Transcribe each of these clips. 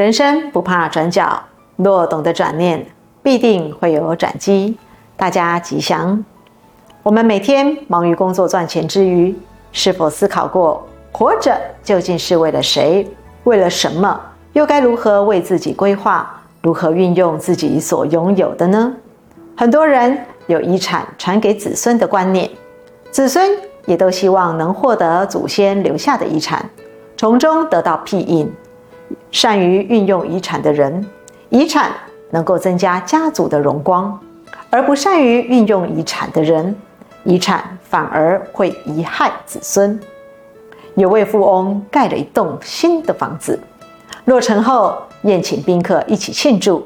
人生不怕轉角，若懂得轉念，必定會有轉機。大家吉祥！我們每天忙於工作賺錢之餘，是否思考過，活着究竟是為了誰？為了什麼？又該如何為自己規劃？如何運用自己所擁有的呢？很多人有遺產傳給子孫的觀念，子孫也都希望能獲得祖先留下的遺產，從中得到庇蔭。善於運用遺產的人，遺產能夠增加家族的榮光；而不善於運用遺產的人，遺產反而會貽害子孫。有位富翁蓋了一棟新的房子，落成後宴請賓客一起慶祝。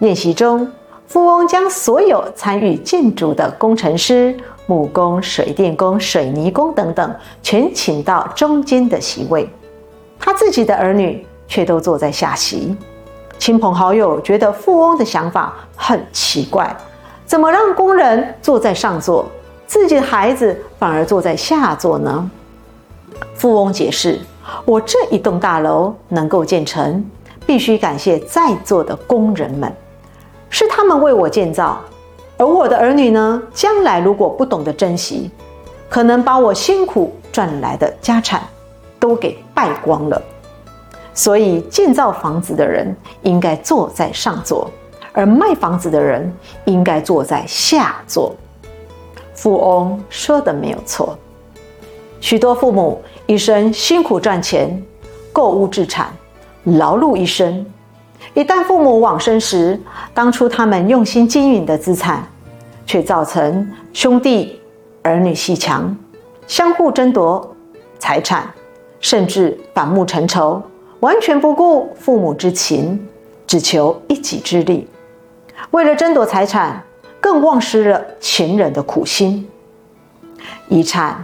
宴席中，富翁將所有參與建築的工程師、木工、水電工、水泥工等等全請到中間的席位，他自己的兒女。卻都坐在下席，親朋好友覺得富翁的想法很奇怪，怎麼讓工人坐在上座，自己的孩子反而坐在下座呢？富翁解釋：“我這一棟大樓能夠建成，必須感謝在座的工人們，是他們為我建造。而我的兒女呢，將來如果不懂得珍惜，可能把我辛苦賺來的家產都給敗光了。”所以，建造房子的人應該坐在上座，而賣房子的人應該坐在下座。富翁說的沒有錯。許多父母一生辛苦賺錢，購屋置產，勞碌一生。一旦父母往生時，當初他們用心經營的資產，卻造成兄弟兒女鬩牆，相互爭奪財產，甚至反目成仇。完全不顧父母之情，只求一己之力。為了爭奪財產，更忘失了前人的苦心。遺產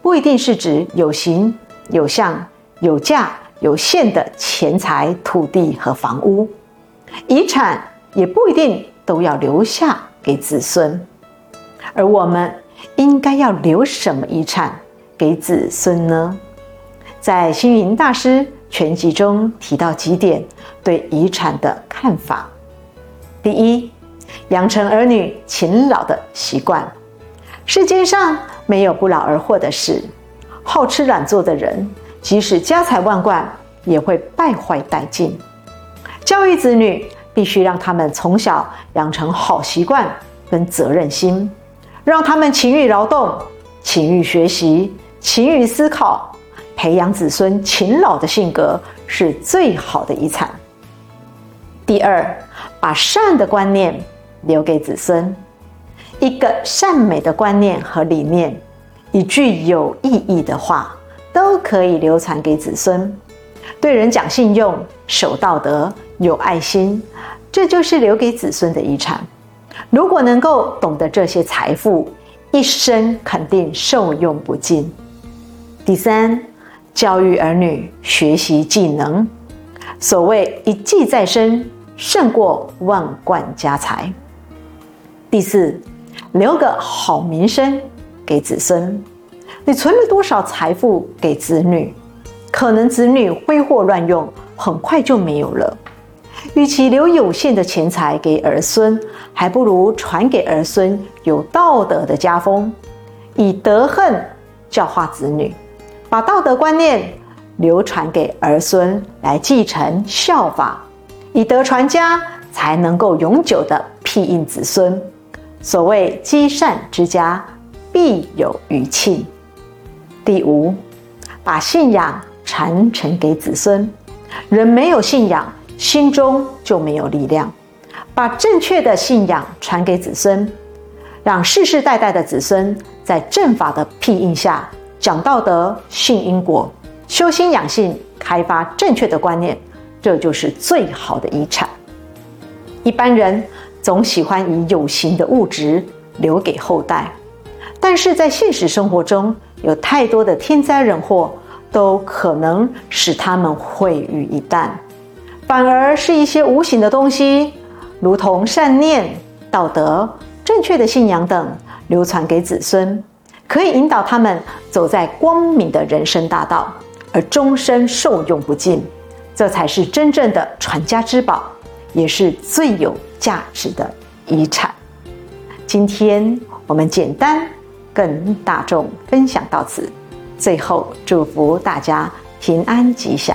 不一定是指有形、有相、有價、有限的錢財、土地和房屋，遺產也不一定都要留下給子孫。而我們應該要留什麼遺產給子孫呢？在星雲大師全集中提到幾點對遺產的看法：第一，養成兒女勤勞的習慣。世界上沒有不勞而獲的事，好吃懶做的人，即使家財萬貫，也會敗壞殆盡。教育子女，必須讓他們從小養成好習慣跟責任心，讓他們勤於勞動、勤於學習、勤於思考。培養子孫勤勞的性格是最好的遺產。第二，把善的觀念留給子孫，一個善美的觀念和理念，一句有意義的話，都可以流傳給子孫。對人講信用，守道德，有愛心，這就是留給子孫的遺產。如果能夠懂得這些財富，一生肯定受用不盡。第三，教育兒女學習技能，所謂一技在身，勝過萬貫家財。第四，留個好名聲給子孫。你存了多少財富給子女？可能子女揮霍亂用，很快就沒有了。與其留有限的錢財給兒孫，還不如傳給兒孫有道德的家風，以德恨教化子女。把道德觀念流傳給兒孫來繼承效法，以德傳家才能夠永久的庇蔭子孫。所謂積善之家必有餘慶。第五，把信仰傳承給子孫，人沒有信仰，心中就沒有力量。把正確的信仰傳給子孫，讓世世代代的子孫在正法的庇蔭下。講道德、信因果、修心養性、開發正確的觀念，這就是最好的遺產。一般人總喜歡以有形的物質留給後代，但是在現實生活中，有太多的天災人禍都可能使他們毀於一旦，反而是一些無形的東西，如同善念、道德、正確的信仰等，流傳給子孫，可以引導他們走在光明的人生大道，而終身受用不盡，這才是真正的傳家之寶，也是最有價值的遺產。今天我們簡單跟大眾分享到此，最後祝福大家平安吉祥。